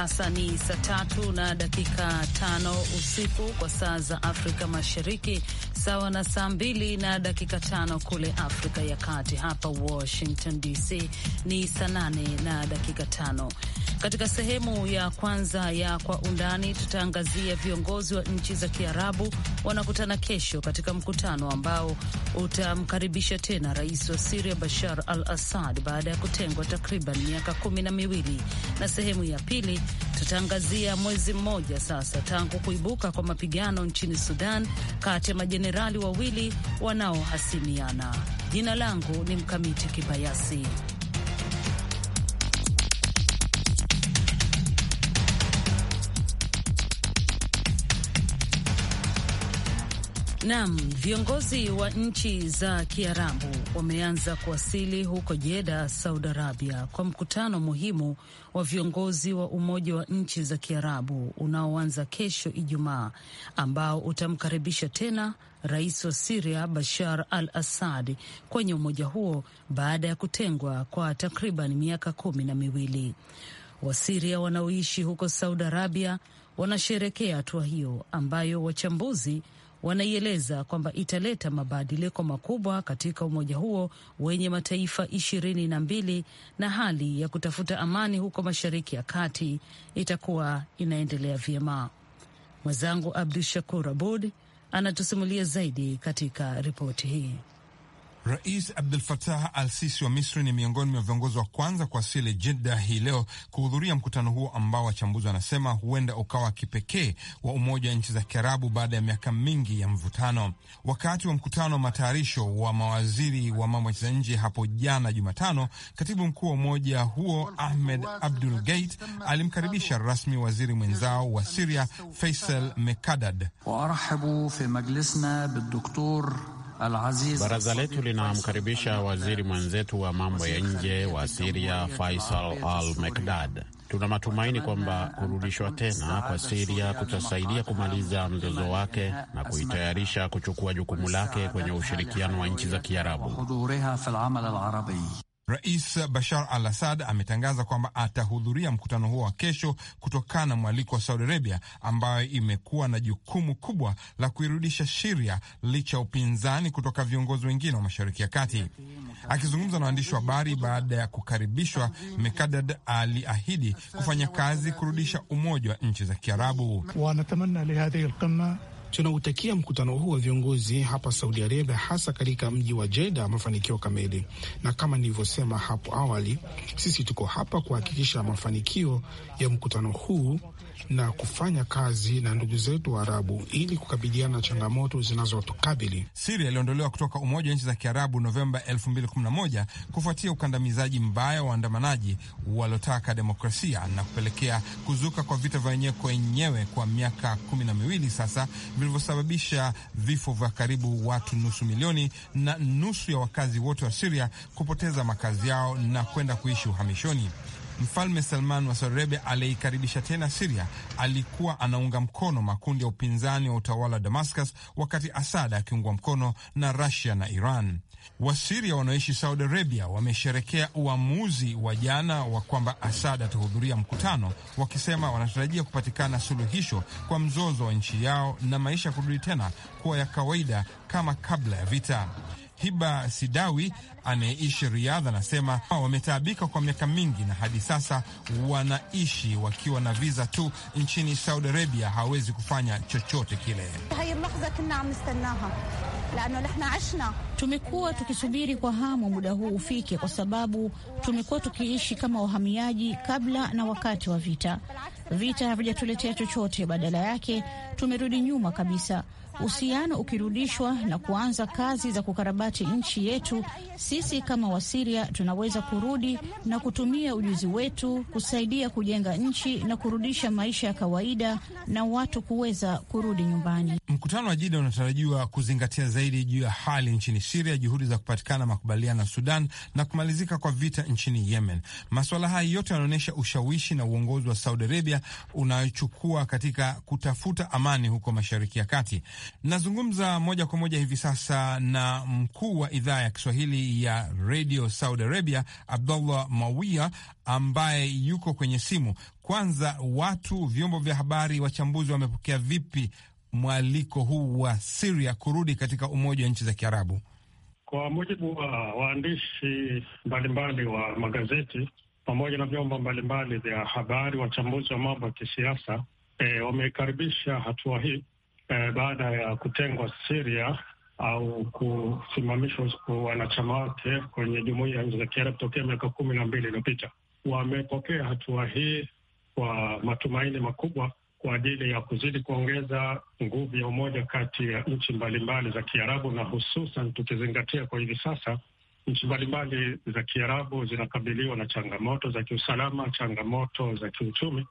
sasa ni saa tatu na dakika tano usiku kwa saa za Afrika Mashariki, sawa na saa mbili na dakika tano kule Afrika ya Kati. Hapa Washington DC ni saa nane na dakika tano. Katika sehemu ya kwanza ya Kwa Undani tutaangazia viongozi wa nchi za Kiarabu wanakutana kesho katika mkutano ambao utamkaribisha tena rais wa Siria Bashar al Assad baada ya kutengwa takriban miaka kumi na miwili. Na sehemu ya pili tutaangazia mwezi mmoja sasa tangu kuibuka kwa mapigano nchini Sudan kati ya majenerali majenerali wawili wanaohasimiana. Jina langu ni Mkamiti Kibayasi. Naam, viongozi wa nchi za Kiarabu wameanza kuwasili huko Jeda, Saudi Arabia, kwa mkutano muhimu wa viongozi wa Umoja wa Nchi za Kiarabu unaoanza kesho Ijumaa, ambao utamkaribisha tena rais wa Siria Bashar al Assad kwenye umoja huo baada ya kutengwa kwa takriban miaka kumi na miwili. Wasiria wanaoishi huko Saudi Arabia wanasherekea hatua hiyo ambayo wachambuzi wanaieleza kwamba italeta mabadiliko makubwa katika umoja huo wenye mataifa ishirini na mbili na hali ya kutafuta amani huko Mashariki ya Kati itakuwa inaendelea vyema. Mwenzangu Abdu Shakur Abud anatusimulia zaidi katika ripoti hii. Rais Abdul Fatah Al Sisi wa Misri ni miongoni mwa viongozi wa kwanza kuwasili Jedda hii leo kuhudhuria mkutano huo ambao wachambuzi wanasema huenda ukawa kipekee wa Umoja wa Nchi za Kiarabu baada ya miaka mingi ya mvutano. Wakati wa mkutano wa matayarisho wa mawaziri wa mambo ya nchi za nje hapo jana Jumatano, katibu mkuu wa umoja huo Ahmed Abdul Gate alimkaribisha rasmi waziri mwenzao wa Siria Faisal Mekdad. Baraza letu linamkaribisha waziri mwenzetu wa mambo ya nje wa Siria Faisal Al Mekdad. Tuna matumaini kwamba kurudishwa tena kwa Siria kutasaidia kumaliza mzozo wake na kuitayarisha kuchukua jukumu lake kwenye ushirikiano wa nchi za Kiarabu. Rais Bashar al Assad ametangaza kwamba atahudhuria mkutano huo wa kesho kutokana na mwaliko wa Saudi Arabia, ambayo imekuwa na jukumu kubwa la kuirudisha Siria licha ya upinzani kutoka viongozi wengine wa Mashariki ya Kati. Akizungumza na waandishi wa habari baada ya kukaribishwa, Mekadad aliahidi kufanya kazi kurudisha umoja wa nchi za Kiarabu tunautakia mkutano huu wa viongozi hapa Saudi Arabia, hasa katika mji wa Jeda, mafanikio kamili. Na kama nilivyosema hapo awali, sisi tuko hapa kuhakikisha mafanikio ya mkutano huu na kufanya kazi na ndugu zetu Waarabu ili kukabiliana na changamoto zinazotukabili. Siria iliondolewa kutoka Umoja wa Nchi za Kiarabu Novemba 2011 kufuatia ukandamizaji mbaya wa waandamanaji waliotaka demokrasia na kupelekea kuzuka kwa vita vya wenyewe kwa wenyewe kwa miaka kumi na miwili sasa, vilivyosababisha vifo vya karibu watu nusu milioni na nusu ya wakazi wote wa Siria kupoteza makazi yao na kwenda kuishi uhamishoni. Mfalme Salman wa Saudi Arabia aliyeikaribisha tena Siria alikuwa anaunga mkono makundi ya upinzani wa utawala wa Damascus, wakati Asad akiungwa mkono na Rusia na Iran. Wasiria wanaoishi Saudi Arabia wamesherekea uamuzi wa jana wa kwamba Asad atahudhuria mkutano, wakisema wanatarajia kupatikana suluhisho kwa mzozo wa nchi yao na maisha kurudi tena kuwa ya kawaida kama kabla ya vita. Hiba Sidawi anayeishi Riadha anasema wametaabika kwa miaka mingi na hadi sasa wanaishi wakiwa na viza tu nchini Saudi Arabia, hawawezi kufanya chochote kile. Tumekuwa tukisubiri kwa hamu muda huu ufike, kwa sababu tumekuwa tukiishi kama wahamiaji kabla na wakati wa vita. Vita havijatuletea chochote, badala yake tumerudi nyuma kabisa uhusiano ukirudishwa na kuanza kazi za kukarabati nchi yetu, sisi kama Wasiria tunaweza kurudi na kutumia ujuzi wetu kusaidia kujenga nchi na kurudisha maisha ya kawaida na watu kuweza kurudi nyumbani. Mkutano wa Jida unatarajiwa kuzingatia zaidi juu ya hali nchini Siria, juhudi za kupatikana makubaliano ya Sudan na kumalizika kwa vita nchini Yemen. Masuala haya yote yanaonyesha ushawishi na uongozi wa Saudi Arabia unayochukua katika kutafuta amani huko Mashariki ya Kati. Nazungumza moja kwa moja hivi sasa na mkuu wa idhaa ya Kiswahili ya redio Saudi Arabia, Abdullah Mawia, ambaye yuko kwenye simu. Kwanza, watu, vyombo vya habari, wachambuzi wamepokea vipi mwaliko huu wa Siria kurudi katika Umoja wa Nchi za Kiarabu? Kwa mujibu wa waandishi mbalimbali wa magazeti pamoja na vyombo mbalimbali vya habari, wachambuzi wa mambo ya kisiasa e, wamekaribisha hatua hii eh, baada ya kutengwa siria au kusimamishwa wanachama wake kwenye jumuia ya nchi za Kiarabu tokea miaka kumi na mbili iliyopita. Wamepokea hatua hii kwa matumaini makubwa kwa ajili ya kuzidi kuongeza nguvu ya umoja kati ya nchi mbalimbali za Kiarabu na hususan tukizingatia kwa hivi sasa nchi mbalimbali za Kiarabu zinakabiliwa na changamoto za kiusalama, changamoto za kiuchumi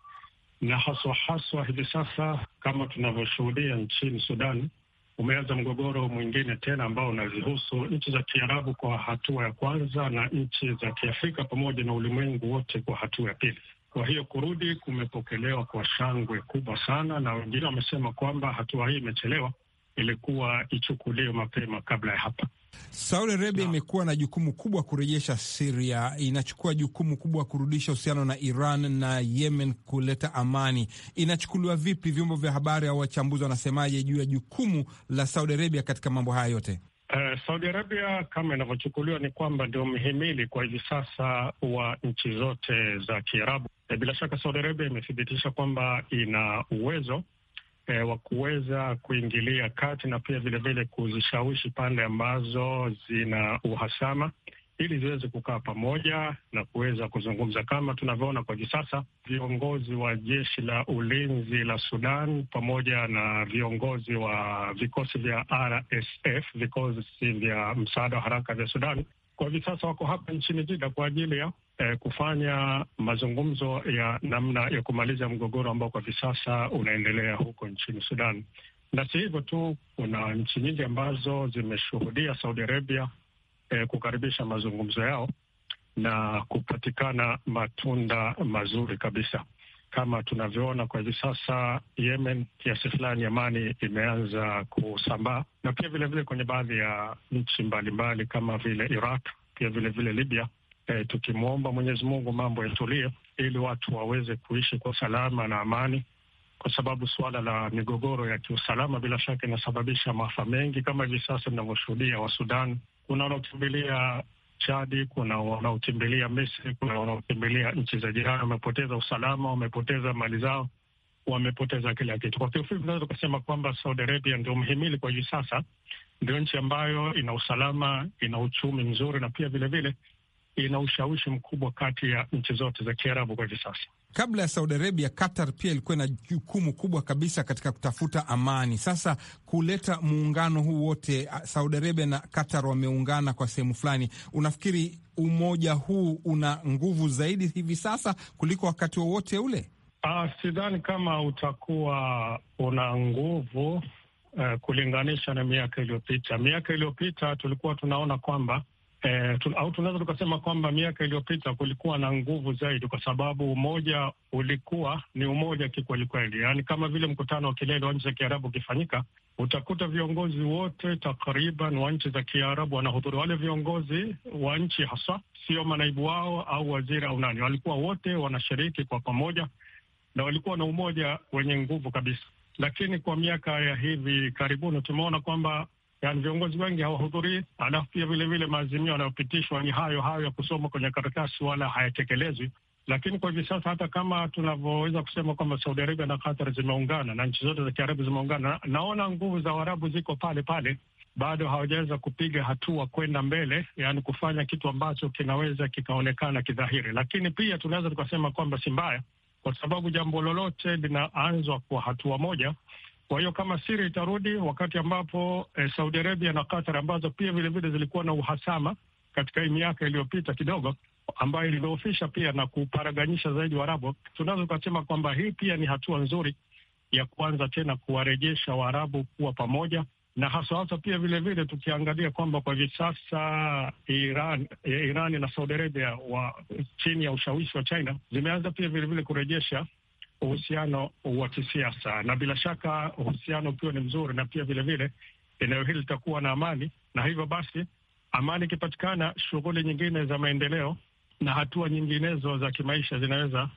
na haswa haswa hivi sasa kama tunavyoshuhudia nchini Sudani, umeanza mgogoro mwingine tena ambao unazihusu nchi za Kiarabu kwa hatua ya kwanza na nchi za Kiafrika pamoja na ulimwengu wote kwa hatua ya pili. Kwa hiyo kurudi kumepokelewa kwa shangwe kubwa sana, na wengine wamesema kwamba hatua hii imechelewa, ilikuwa ichukuliwe mapema kabla ya hapa. Saudi Arabia no. imekuwa na jukumu kubwa kurejesha Siria, inachukua jukumu kubwa kurudisha uhusiano na Iran na Yemen, kuleta amani. Inachukuliwa vipi? Vyombo vya habari au wachambuzi wanasemaje juu ya jukumu la Saudi Arabia katika mambo haya yote? Uh, Saudi Arabia kama inavyochukuliwa ni kwamba ndio mhimili kwa hivi sasa wa nchi zote za Kiarabu. Eh, bila shaka Saudi Arabia imethibitisha kwamba ina uwezo e, wa kuweza kuingilia kati na pia vilevile kuzishawishi pande ambazo zina uhasama ili ziweze kukaa pamoja na kuweza kuzungumza. Kama tunavyoona kwa hivi sasa, viongozi wa jeshi la ulinzi la Sudan pamoja na viongozi wa vikosi vya RSF, vikosi vya msaada wa haraka vya Sudan, kwa hivi sasa wako hapa nchini Jida kwa ajili ya eh, kufanya mazungumzo ya namna ya kumaliza mgogoro ambao kwa hivi sasa unaendelea huko nchini Sudan. Na si hivyo tu, kuna nchi nyingi ambazo zimeshuhudia Saudi Arabia eh, kukaribisha mazungumzo yao na kupatikana matunda mazuri kabisa kama tunavyoona kwa hivi sasa Yemen, kiasi fulani amani imeanza kusambaa, na pia vilevile vile kwenye baadhi ya nchi mbalimbali kama vile Iraq, pia vilevile vile Libya, e, tukimwomba Mwenyezi Mungu mambo yatulie, ili watu waweze kuishi kwa salama na amani, kwa sababu suala la migogoro ya kiusalama bila shaka inasababisha maafa mengi kama hivi sasa inavyoshuhudia wa Sudan. Kuna wanaokimbilia Chadi, kuna wanaokimbilia Misri, kuna wanaokimbilia nchi za jirani. Wamepoteza usalama, wamepoteza mali zao, wamepoteza kila kitu. Kwa kiufupi, unaweza ukasema kwamba Saudi Arabia ndio mhimili kwa hivi sasa, ndio nchi ambayo ina usalama, ina uchumi mzuri na pia vilevile ina ushawishi mkubwa kati ya nchi zote za Kiarabu kwa hivi sasa. Kabla ya Saudi Arabia, Qatar pia ilikuwa ina jukumu kubwa kabisa katika kutafuta amani. Sasa kuleta muungano huu wote, Saudi Arabia na Qatar wameungana kwa sehemu fulani, unafikiri umoja huu una nguvu zaidi hivi sasa kuliko wakati wowote wa ule? Uh, sidhani kama utakuwa una nguvu uh, kulinganisha na miaka iliyopita. Miaka iliyopita tulikuwa tunaona kwamba eh, au tunaweza tukasema kwamba miaka iliyopita kulikuwa na nguvu zaidi, kwa sababu umoja ulikuwa ni umoja kikwelikweli, yaani kama vile mkutano wa kilele wa nchi za Kiarabu ukifanyika utakuta viongozi wote takriban wa nchi za Kiarabu wanahudhuria. Wale viongozi wa nchi haswa, sio manaibu wao au waziri au nani, walikuwa wote wanashiriki kwa pamoja na walikuwa na umoja wenye nguvu kabisa. Lakini kwa miaka ya hivi karibuni tumeona kwamba yani viongozi wengi hawahudhurii, alafu pia vilevile maazimio yanayopitishwa ni hayo hayo ya kusoma kwenye karatasi, wala hayatekelezwi. Lakini kwa hivi sasa, hata kama tunavyoweza kusema kwamba Saudi Arabia na Qatar zimeungana na nchi zote za Kiarabu zimeungana, naona nguvu za Waarabu ziko pale pale, bado hawajaweza kupiga hatua kwenda mbele, yani kufanya kitu ambacho kinaweza kikaonekana kidhahiri. Lakini pia tunaweza tukasema kwamba si mbaya, kwa sababu jambo lolote linaanzwa kwa hatua moja kwa hiyo kama Siria itarudi wakati ambapo eh, Saudi Arabia na Qatar ambazo pia vilevile zilikuwa na uhasama katika hii miaka iliyopita kidogo ambayo ilidhoofisha pia na kuparaganyisha zaidi Waarabu, tunaweza tukasema kwamba hii pia ni hatua nzuri ya kuanza tena kuwarejesha Waarabu kuwa pamoja, na haswa hasa pia vilevile vile tukiangalia kwamba kwa hivi sasa Iran, eh, Irani na Saudi Arabia wa chini ya ushawishi wa China zimeanza pia vilevile vile kurejesha uhusiano wa kisiasa, na bila shaka uhusiano ukiwa ni mzuri, na pia vilevile eneo hili litakuwa na amani, na hivyo basi amani ikipatikana, shughuli nyingine za maendeleo na hatua nyinginezo za kimaisha zinaweza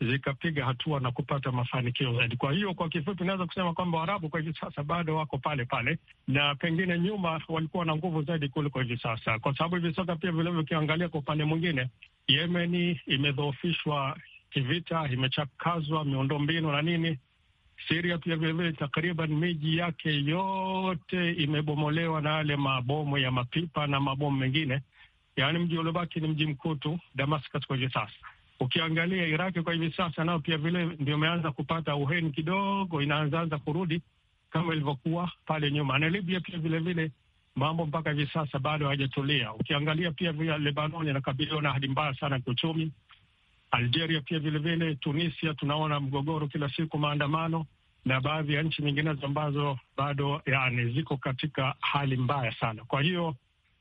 zikapiga hatua na kupata mafanikio zaidi. Kwa hiyo kwa kifupi, naweza kusema kwamba Waarabu kwa hivi sasa bado wako pale pale, na pengine nyuma walikuwa na nguvu zaidi kuliko hivi sasa, kwa sababu hivi sasa pia vilevile, ukiangalia kwa upande mwingine, Yemeni imedhoofishwa kivita, imechakazwa miundo mbinu na nini. Siria pia vilevile, takriban miji yake yote imebomolewa na yale mabomu ya mapipa na mabomu mengine, yaani mji uliobaki ni mji mkuu tu Damascus kwa hivi sasa. Ukiangalia Iraki kwa hivi sasa, nao pia vile ndio imeanza kupata uheni kidogo, inaanzaanza kurudi kama ilivyokuwa pale nyuma, na Libya pia vilevile mambo mpaka hivi sasa bado hayajatulia. Ukiangalia pia vile Lebanon inakabiliwa na hali mbaya sana kiuchumi. Algeria pia vilevile, Tunisia tunaona mgogoro kila siku, maandamano na baadhi ya nchi nyinginezo ambazo bado yani ziko katika hali mbaya sana. Kwa hiyo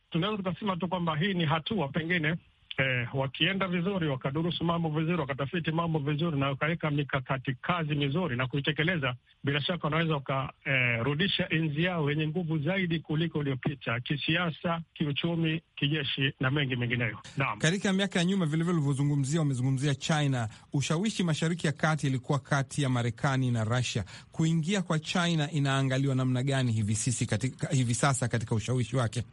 tunaweza tukasema tu kwamba hii ni hatua pengine eh, wakienda vizuri, wakadurusu mambo vizuri, wakatafiti mambo vizuri, na wakaweka mikakati kazi mizuri na kuitekeleza, bila shaka wanaweza wakarudisha eh, enzi yao yenye nguvu zaidi kuliko iliyopita, kisiasa, kiuchumi, kijeshi na mengi mengineyo. Naam, katika miaka ya nyuma vilevile ulivyozungumzia, wamezungumzia China. Ushawishi Mashariki ya Kati ilikuwa kati ya Marekani na Russia. Kuingia kwa China inaangaliwa namna gani hivi sisi katika, hivi sasa katika ushawishi wake?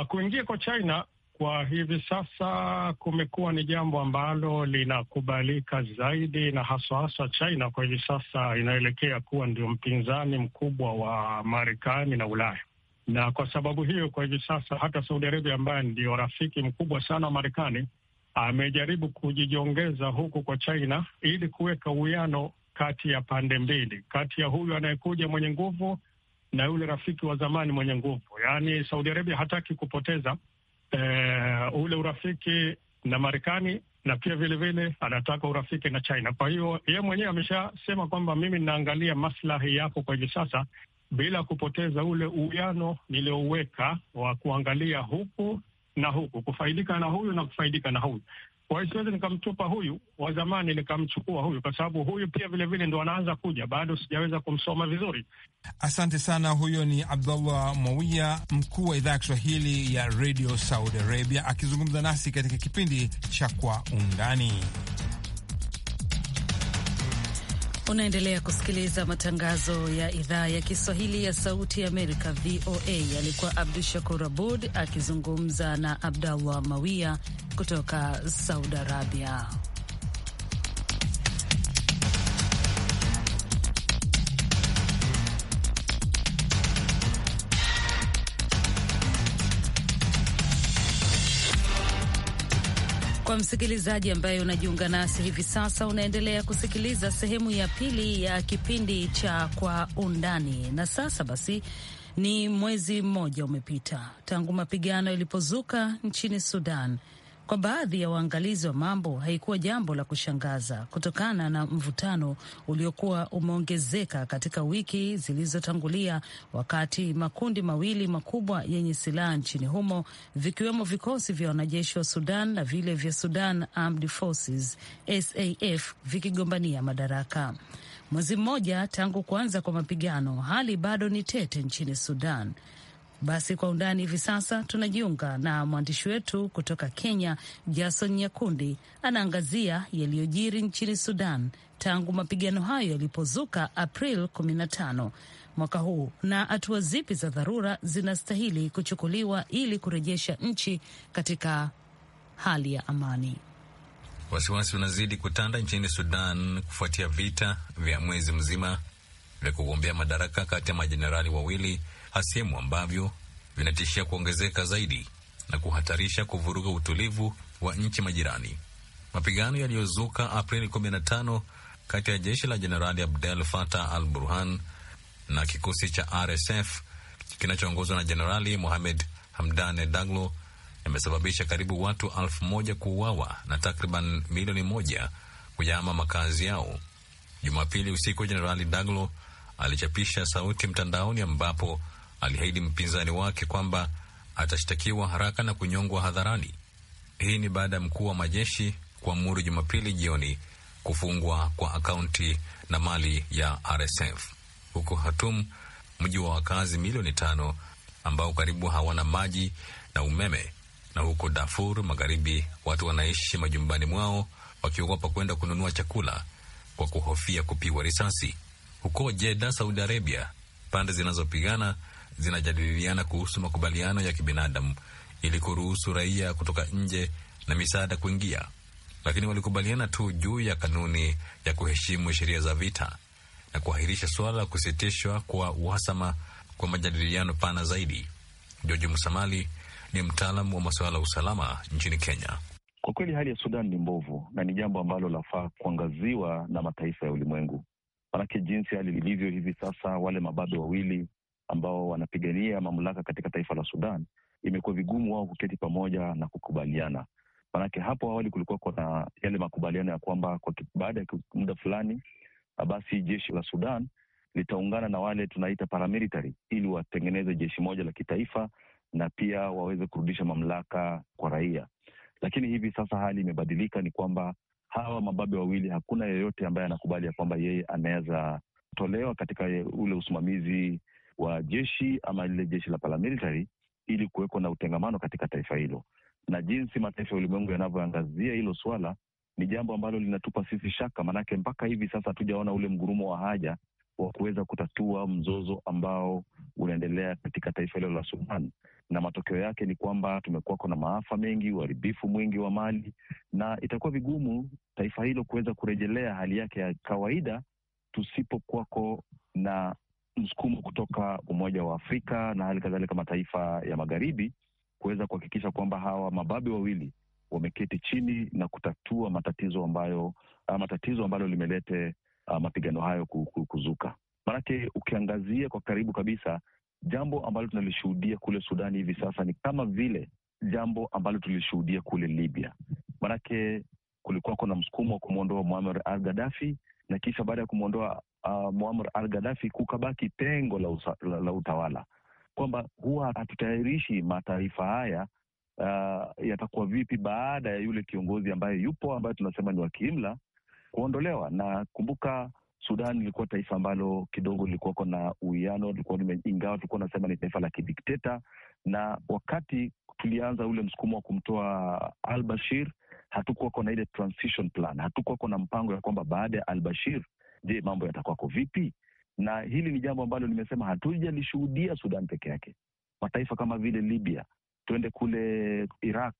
Uh, kuingia kwa China kwa hivi sasa kumekuwa ni jambo ambalo linakubalika zaidi, na haswa haswa China kwa hivi sasa inaelekea kuwa ndio mpinzani mkubwa wa Marekani na Ulaya, na kwa sababu hiyo, kwa hivi sasa hata Saudi Arabia ambaye ndio rafiki mkubwa sana wa Marekani amejaribu kujijongeza huku kwa China ili kuweka uwiano kati ya pande mbili, kati ya huyu anayekuja mwenye nguvu na yule rafiki wa zamani mwenye nguvu. Yaani Saudi Arabia hataki kupoteza eh, ule urafiki na Marekani na pia vilevile anataka urafiki na China. Kwa hiyo yeye mwenyewe ameshasema kwamba mimi ninaangalia maslahi yako kwa hivi sasa, bila kupoteza ule uwiano niliouweka wa kuangalia huku na huku, kufaidika na huyu na kufaidika na huyu. Kwa hiyo siwezi nikamtupa huyu wa zamani nikamchukua huyu, kwa sababu huyu pia vilevile ndo anaanza kuja, bado sijaweza kumsoma vizuri. Asante sana. Huyo ni Abdullah Mwawia, mkuu wa idhaa ya Kiswahili ya Radio Saudi Arabia, akizungumza nasi katika kipindi cha Kwa Undani. Unaendelea kusikiliza matangazo ya idhaa ya Kiswahili ya Sauti ya Amerika, VOA. Alikuwa Abdu Shakur Abud akizungumza na Abdallah Mawia kutoka Saudi Arabia. Kwa msikilizaji ambaye unajiunga nasi hivi sasa, unaendelea kusikiliza sehemu ya pili ya kipindi cha Kwa Undani. Na sasa basi, ni mwezi mmoja umepita tangu mapigano yalipozuka nchini Sudan kwa baadhi ya waangalizi wa mambo haikuwa jambo la kushangaza kutokana na mvutano uliokuwa umeongezeka katika wiki zilizotangulia, wakati makundi mawili makubwa yenye silaha nchini humo vikiwemo vikosi vya wanajeshi wa Sudan na vile vya Sudan Armed Forces SAF vikigombania madaraka. Mwezi mmoja tangu kuanza kwa mapigano, hali bado ni tete nchini Sudan. Basi kwa undani hivi sasa tunajiunga na mwandishi wetu kutoka Kenya, Jason Nyakundi anaangazia yaliyojiri nchini Sudan tangu mapigano hayo yalipozuka April 15 mwaka huu na hatua zipi za dharura zinastahili kuchukuliwa ili kurejesha nchi katika hali ya amani. Wasiwasi unazidi kutanda nchini Sudan kufuatia vita vya mwezi mzima vya kugombea madaraka kati ya majenerali wawili hasimu ambavyo vinatishia kuongezeka zaidi na kuhatarisha kuvuruga utulivu wa nchi majirani. Mapigano yaliyozuka Aprili 15 kati ya jeshi la Jenerali Abdel Fatah al Burhan na kikosi cha RSF kinachoongozwa na Jenerali Mohamed Hamdane Daglo yamesababisha karibu watu elfu moja kuuawa na takriban milioni moja kuyahama makazi yao. Jumapili usiku, Jenerali Daglo alichapisha sauti mtandaoni ambapo aliahidi mpinzani wake kwamba atashtakiwa haraka na kunyongwa hadharani. Hii ni baada ya mkuu wa majeshi kuamuru Jumapili jioni kufungwa kwa akaunti na mali ya RSF huko Hatum, mji wa wakazi milioni tano ambao karibu hawana maji na umeme. Na huko Darfur Magharibi, watu wanaishi majumbani mwao wakiogopa kwenda kununua chakula kwa kuhofia kupiwa risasi. Huko jeda Saudi Arabia, pande zinazopigana zinajadiliana kuhusu makubaliano ya kibinadamu ili kuruhusu raia kutoka nje na misaada kuingia, lakini walikubaliana tu juu ya kanuni ya kuheshimu sheria za vita na kuahirisha suala la kusitishwa kwa uhasama kwa majadiliano pana zaidi. George Musamali ni mtaalamu wa masuala ya usalama nchini Kenya. Kwa kweli hali ya Sudan ni mbovu na ni jambo ambalo lafaa kuangaziwa na mataifa ya ulimwengu manake jinsi hali ilivyo hivi sasa, wale mababe wawili ambao wanapigania mamlaka katika taifa la Sudan, imekuwa vigumu wao kuketi pamoja na kukubaliana. manake hapo awali kulikuwa kuna yale makubaliano ya kwamba kwa baada ya muda fulani, basi jeshi la Sudan litaungana na wale tunaita paramilitary ili watengeneze jeshi moja la kitaifa na pia waweze kurudisha mamlaka kwa raia. Lakini hivi sasa hali imebadilika, ni kwamba hawa mababe wawili, hakuna yeyote ambaye anakubali ya kwamba yeye anaweza tolewa katika ule usimamizi wa jeshi ama lile jeshi la paramilitary ili kuwekwa na utengamano katika taifa hilo. Na jinsi mataifa ya ulimwengu yanavyoangazia hilo swala ni jambo ambalo linatupa sisi shaka, maanake mpaka hivi sasa hatujaona ule mgurumo wa haja wa kuweza kutatua mzozo ambao unaendelea katika taifa hilo la Sudan na matokeo yake ni kwamba tumekuwa na maafa mengi, uharibifu mwingi wa mali, na itakuwa vigumu taifa hilo kuweza kurejelea hali yake ya kawaida tusipokuwako na msukumo kutoka Umoja wa Afrika na hali kadhalika mataifa ya magharibi kuweza kuhakikisha kwamba hawa mababe wawili wameketi chini na kutatua matatizo ambayo ama ah, ambalo limelete uh, mapigano hayo kuzuka. Maanake ukiangazia kwa karibu kabisa Jambo ambalo tunalishuhudia kule Sudani hivi sasa ni kama vile jambo ambalo tulishuhudia kule Libya, manake kulikuwa kuna msukumo wa kumwondoa Muammar al Gaddafi na kisha baada ya kumwondoa uh, Muammar al Gaddafi kukabaki pengo la, usa, la, la utawala kwamba huwa hatutayarishi mataifa haya uh, yatakuwa vipi baada ya yule kiongozi ambaye yupo ambaye tunasema ni wa kiimla kuondolewa. Na kumbuka Sudan ilikuwa taifa ambalo kidogo lilikuwa na uwiano, ingawa tulikuwa nasema ni taifa la kidikteta, na wakati tulianza ule msukumo wa kumtoa al Bashir hatukuwako na ile transition plan, hatukuwako na mpango ya kwamba baada ya al Bashir, je, mambo yatakwako vipi? Na hili ni jambo ambalo nimesema hatujalishuhudia Sudan peke yake, mataifa kama vile Libya, tuende kule Iraq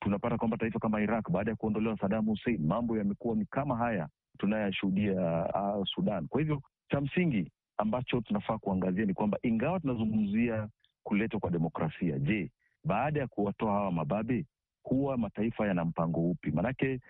tunapata kwamba taifa kama Iraq baada ya kuondolewa Saddam Hussein mambo yamekuwa ni kama haya tunayashuhudia uh, Sudan. Kwa hivyo cha msingi ambacho tunafaa kuangazia ni kwamba ingawa tunazungumzia kuletwa kwa demokrasia, je, baada ya kuwatoa hawa mababe, huwa mataifa yana mpango upi? Maanake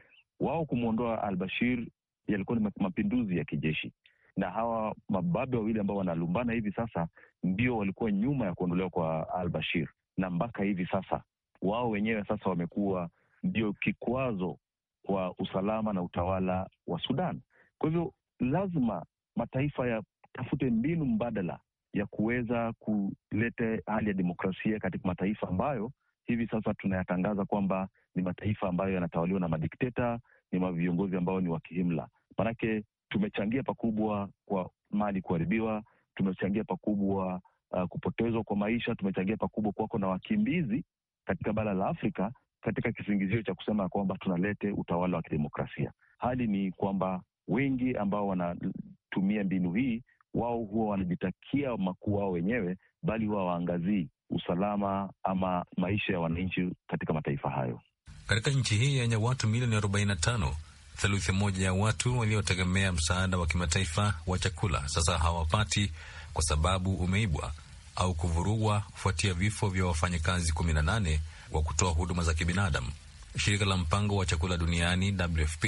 wao kumwondoa al-Bashir yalikuwa ni mapinduzi ya kijeshi, na hawa mababe wawili ambao wanalumbana hivi sasa ndio walikuwa nyuma ya kuondolewa kwa al-Bashir, na mpaka hivi sasa wao wenyewe sasa wamekuwa ndio kikwazo kwa usalama na utawala wa Sudan. Kwa hivyo lazima mataifa yatafute mbinu mbadala ya kuweza kuleta hali ya demokrasia katika mataifa ambayo hivi sasa tunayatangaza kwamba ni mataifa ambayo yanatawaliwa na madikteta, ni viongozi ambao ni wa kihimla. Maanake tumechangia pakubwa kwa mali kuharibiwa, tumechangia pakubwa uh, kupotezwa kwa maisha, tumechangia pakubwa kuwako na wakimbizi katika bara la Afrika katika kisingizio cha kusema kwamba tunalete utawala wa kidemokrasia. Hali ni kwamba wengi ambao wanatumia mbinu hii wao huwa wanajitakia makuu wao wenyewe, bali huwa waangazii usalama ama maisha ya wananchi katika mataifa hayo. Katika nchi hii yenye watu milioni tano, theluthi moja ya watu waliotegemea msaada wa kimataifa wa chakula sasa hawapati kwa sababu umeibwa au kuvurugwa kufuatia vifo vya wafanyakazi 18 wa kutoa huduma za kibinadamu. Shirika la mpango wa chakula duniani WFP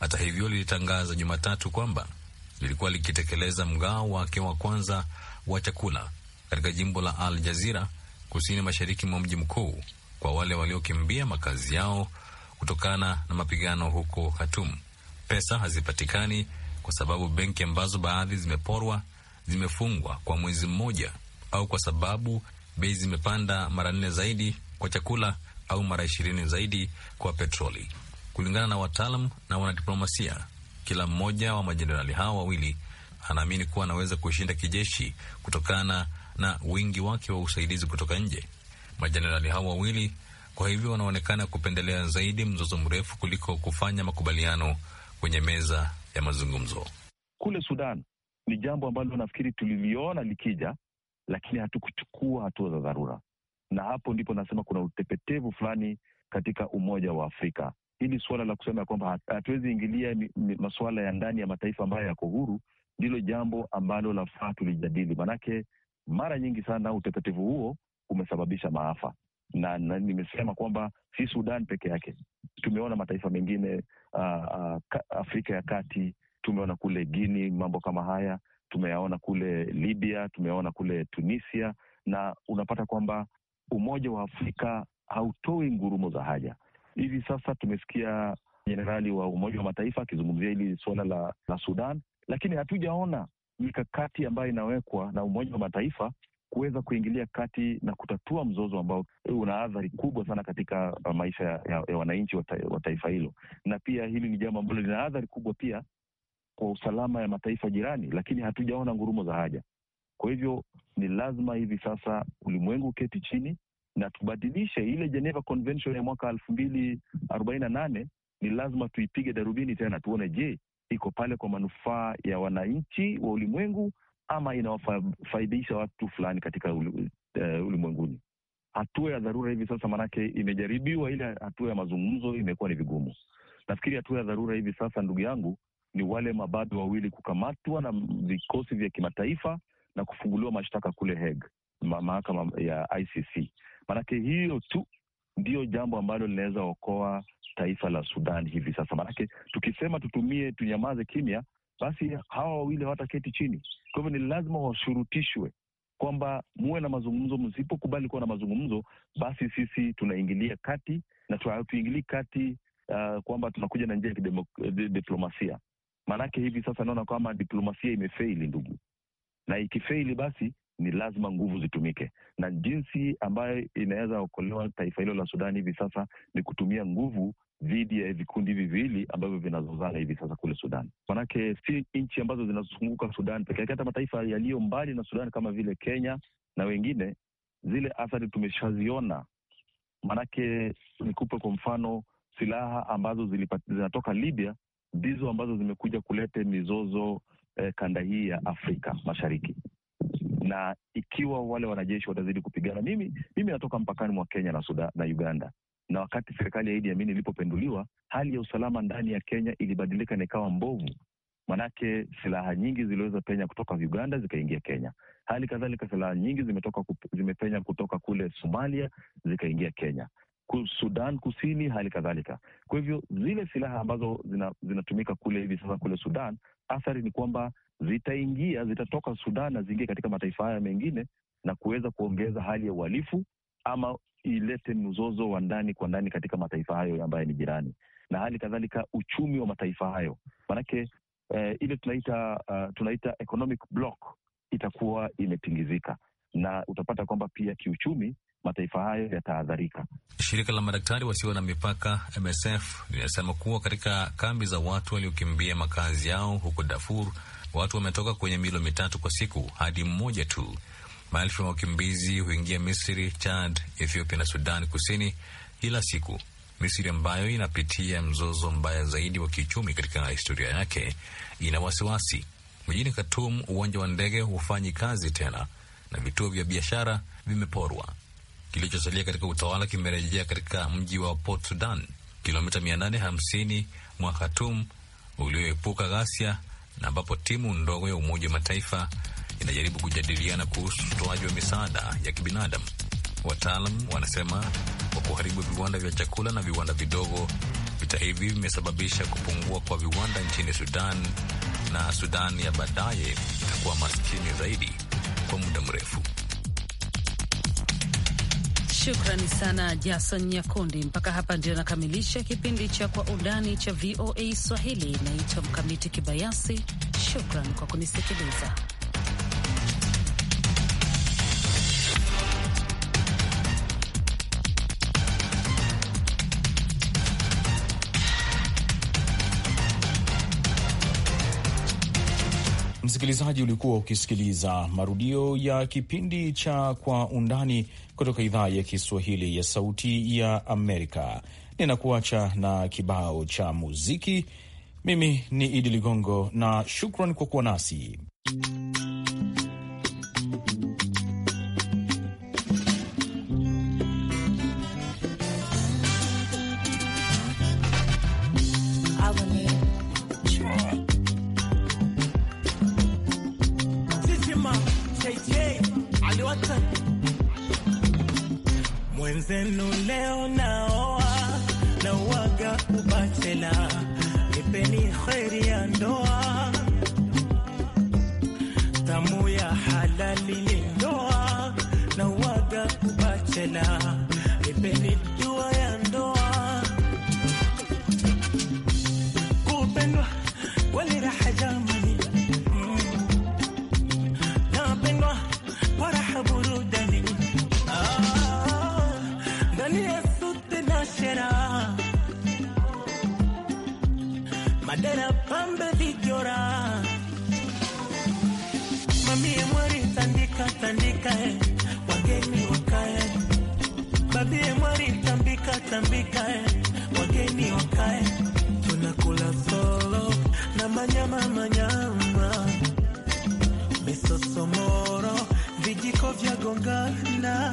hata hivyo lilitangaza Jumatatu kwamba lilikuwa likitekeleza mgao wake wa kwanza wa chakula katika jimbo la Al Jazira kusini mashariki mwa mji mkuu kwa wale waliokimbia makazi yao kutokana na mapigano huko Khartoum. Pesa hazipatikani kwa sababu benki ambazo baadhi zimeporwa zimefungwa kwa mwezi mmoja au kwa sababu bei zimepanda mara nne zaidi kwa chakula au mara ishirini zaidi kwa petroli, kulingana na wataalam na wanadiplomasia. Kila mmoja wa majenerali hao wawili anaamini kuwa anaweza kushinda kijeshi kutokana na wingi wake wa usaidizi kutoka nje. Majenerali hao wawili kwa hivyo wanaonekana kupendelea zaidi mzozo mrefu kuliko kufanya makubaliano kwenye meza ya mazungumzo. Kule Sudan ni jambo ambalo nafikiri tuliliona likija lakini hatukuchukua hatua za dharura, na hapo ndipo nasema kuna utepetevu fulani katika Umoja wa Afrika. Hili suala la kusema ya kwamba hatuwezi ingilia masuala ya ndani ya mataifa ambayo yako huru ndilo jambo ambalo lafaa tulijadili, manake mara nyingi sana utepetevu huo umesababisha maafa na, na nimesema kwamba si Sudan peke yake. Tumeona mataifa mengine uh, uh, Afrika ya Kati, tumeona kule Guini mambo kama haya tumeyaona kule Libya, tumeyaona kule Tunisia, na unapata kwamba Umoja wa Afrika hautoi ngurumo za haja. Hivi sasa tumesikia jenerali wa Umoja wa Mataifa akizungumzia hili suala la, la Sudan, lakini hatujaona mikakati ambayo inawekwa na Umoja wa Mataifa kuweza kuingilia kati na kutatua mzozo ambao una athari kubwa sana katika maisha ya, ya wananchi wa, ta, wa taifa hilo, na pia hili ni jambo ambalo lina athari kubwa pia kwa usalama ya mataifa jirani, lakini hatujaona ngurumo za haja. Kwa hivyo ni lazima hivi sasa ulimwengu uketi chini na tubadilishe ile Geneva Convention ya mwaka elfu mbili arobaini na nane. Ni lazima tuipige darubini tena, tuone, je, iko pale kwa manufaa ya wananchi wa ulimwengu ama inawafaidisha watu fulani katika eh, ulimwenguni? Hatua ya dharura hivi sasa, maanake imejaribiwa ile hatua ya mazungumzo, imekuwa ni vigumu. Nafikiri hatua ya dharura hivi sasa, ndugu yangu, ni wale mababe wawili kukamatwa na vikosi vya kimataifa na kufunguliwa mashtaka kule Hague, mahakama ya ICC. Maanake hiyo tu ndiyo jambo ambalo linaweza okoa taifa la Sudan hivi sasa. Maanake tukisema tutumie, tunyamaze kimya, basi hawa wawili hawataketi chini. Kwa hivyo ni lazima washurutishwe kwamba muwe na mazungumzo. Msipokubali kuwa na mazungumzo, basi sisi tunaingilia kati, na tuingilii kati uh, kwamba tunakuja na njia ya kidiplomasia. Maanake hivi sasa naona kwamba diplomasia imefeili ndugu, na ikifeili basi ni lazima nguvu zitumike, na jinsi ambayo inaweza okolewa taifa hilo la Sudan hivi sasa ni kutumia nguvu dhidi ya vikundi hivi viwili ambavyo vinazozana hivi sasa kule Sudan. Manake si nchi ambazo zinazozunguka Sudan peke yake, hata mataifa yaliyo mbali na Sudan kama vile Kenya na wengine, zile athari tumeshaziona. Manake nikupe kwa mfano silaha ambazo zinatoka Libya ndizo ambazo zimekuja kuleta mizozo eh, kanda hii ya Afrika Mashariki na ikiwa wale wanajeshi watazidi kupigana. Mimi mimi natoka mpakani mwa Kenya na Sudan, na Uganda, na wakati serikali ya Idi Amin ilipopenduliwa, hali ya usalama ndani ya Kenya ilibadilika na ikawa mbovu, manake silaha nyingi ziliweza penya kutoka Uganda zikaingia Kenya. Hali kadhalika silaha nyingi zimetoka, zimepenya kutoka kule Somalia zikaingia Kenya. Sudan Kusini, hali kadhalika. Kwa hivyo zile silaha ambazo zinatumika zina kule hivi sasa kule Sudan, athari ni kwamba zitaingia, zitatoka Sudan na ziingie katika mataifa haya mengine na kuweza kuongeza hali ya uhalifu ama ilete mzozo wa ndani kwa ndani katika mataifa hayo ambayo ni jirani, na hali kadhalika uchumi wa mataifa hayo, maanake eh, ile tunaita uh, tunaita economic block itakuwa imetingizika, na utapata kwamba pia kiuchumi mataifa hayo yataadharika Shirika la madaktari wasio na mipaka MSF linasema kuwa katika kambi za watu waliokimbia makazi yao huko Darfur, watu wametoka kwenye milo mitatu kwa siku hadi mmoja tu. Maelfu ya wakimbizi huingia Misri, Chad, Ethiopia na Sudan Kusini kila siku. Misri ambayo inapitia mzozo mbaya zaidi wa kiuchumi katika historia yake ina wasiwasi. Mjini Khartoum, uwanja wa ndege hufanyi kazi tena na vituo vya biashara vimeporwa kilichosalia katika utawala kimerejea katika mji wa Port Sudan, kilomita 850 mwa Khartoum ulioepuka ghasia na ambapo timu ndogo ya Umoja wa Mataifa inajaribu kujadiliana kuhusu utoaji wa misaada ya kibinadamu. Wataalam wanasema kwa kuharibu viwanda vya chakula na viwanda vidogo, vita hivi vimesababisha kupungua kwa viwanda nchini Sudan, na Sudan ya baadaye itakuwa maskini zaidi kwa muda mrefu. Shukrani sana Jason Nyakundi. Mpaka hapa ndio nakamilisha kipindi cha Kwa Undani cha VOA Swahili. Naitwa Mkamiti Kibayasi. Shukran kwa kunisikiliza. Msikilizaji, ulikuwa ukisikiliza marudio ya kipindi cha Kwa Undani kutoka idhaa ya Kiswahili ya Sauti ya Amerika. Ninakuacha na kibao cha muziki. Mimi ni Idi Ligongo na shukran kwa kuwa nasi. wenzenu leo naoa na uwaga ubachela, nipeni kheri ya ndoa tamu ya halali tena pambe vijora mamie mwari tandika tandika eh, wageni wakae babie mwari tambika tambika eh, wageni wakae tunakula solo na manyama manyama misosomoro vijiko vya gongana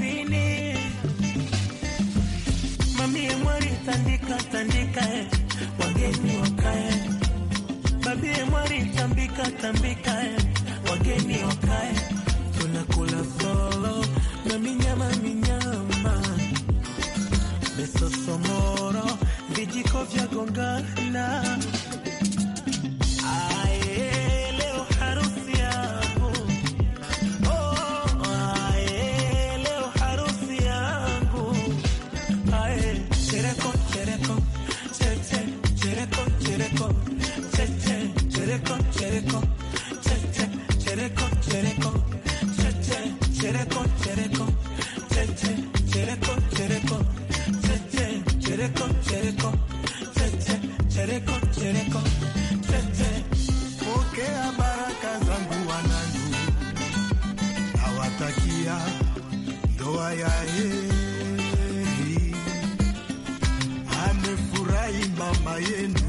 wageni wakae, babie mwari tambika tambika, wageni wakae, tunakula solo na minyama minyama, besosomoro vijiko vya gongana peleko tete, pokea baraka zangu wanangu, nawatakia ndoa ya heri. Amefurahi mama yenu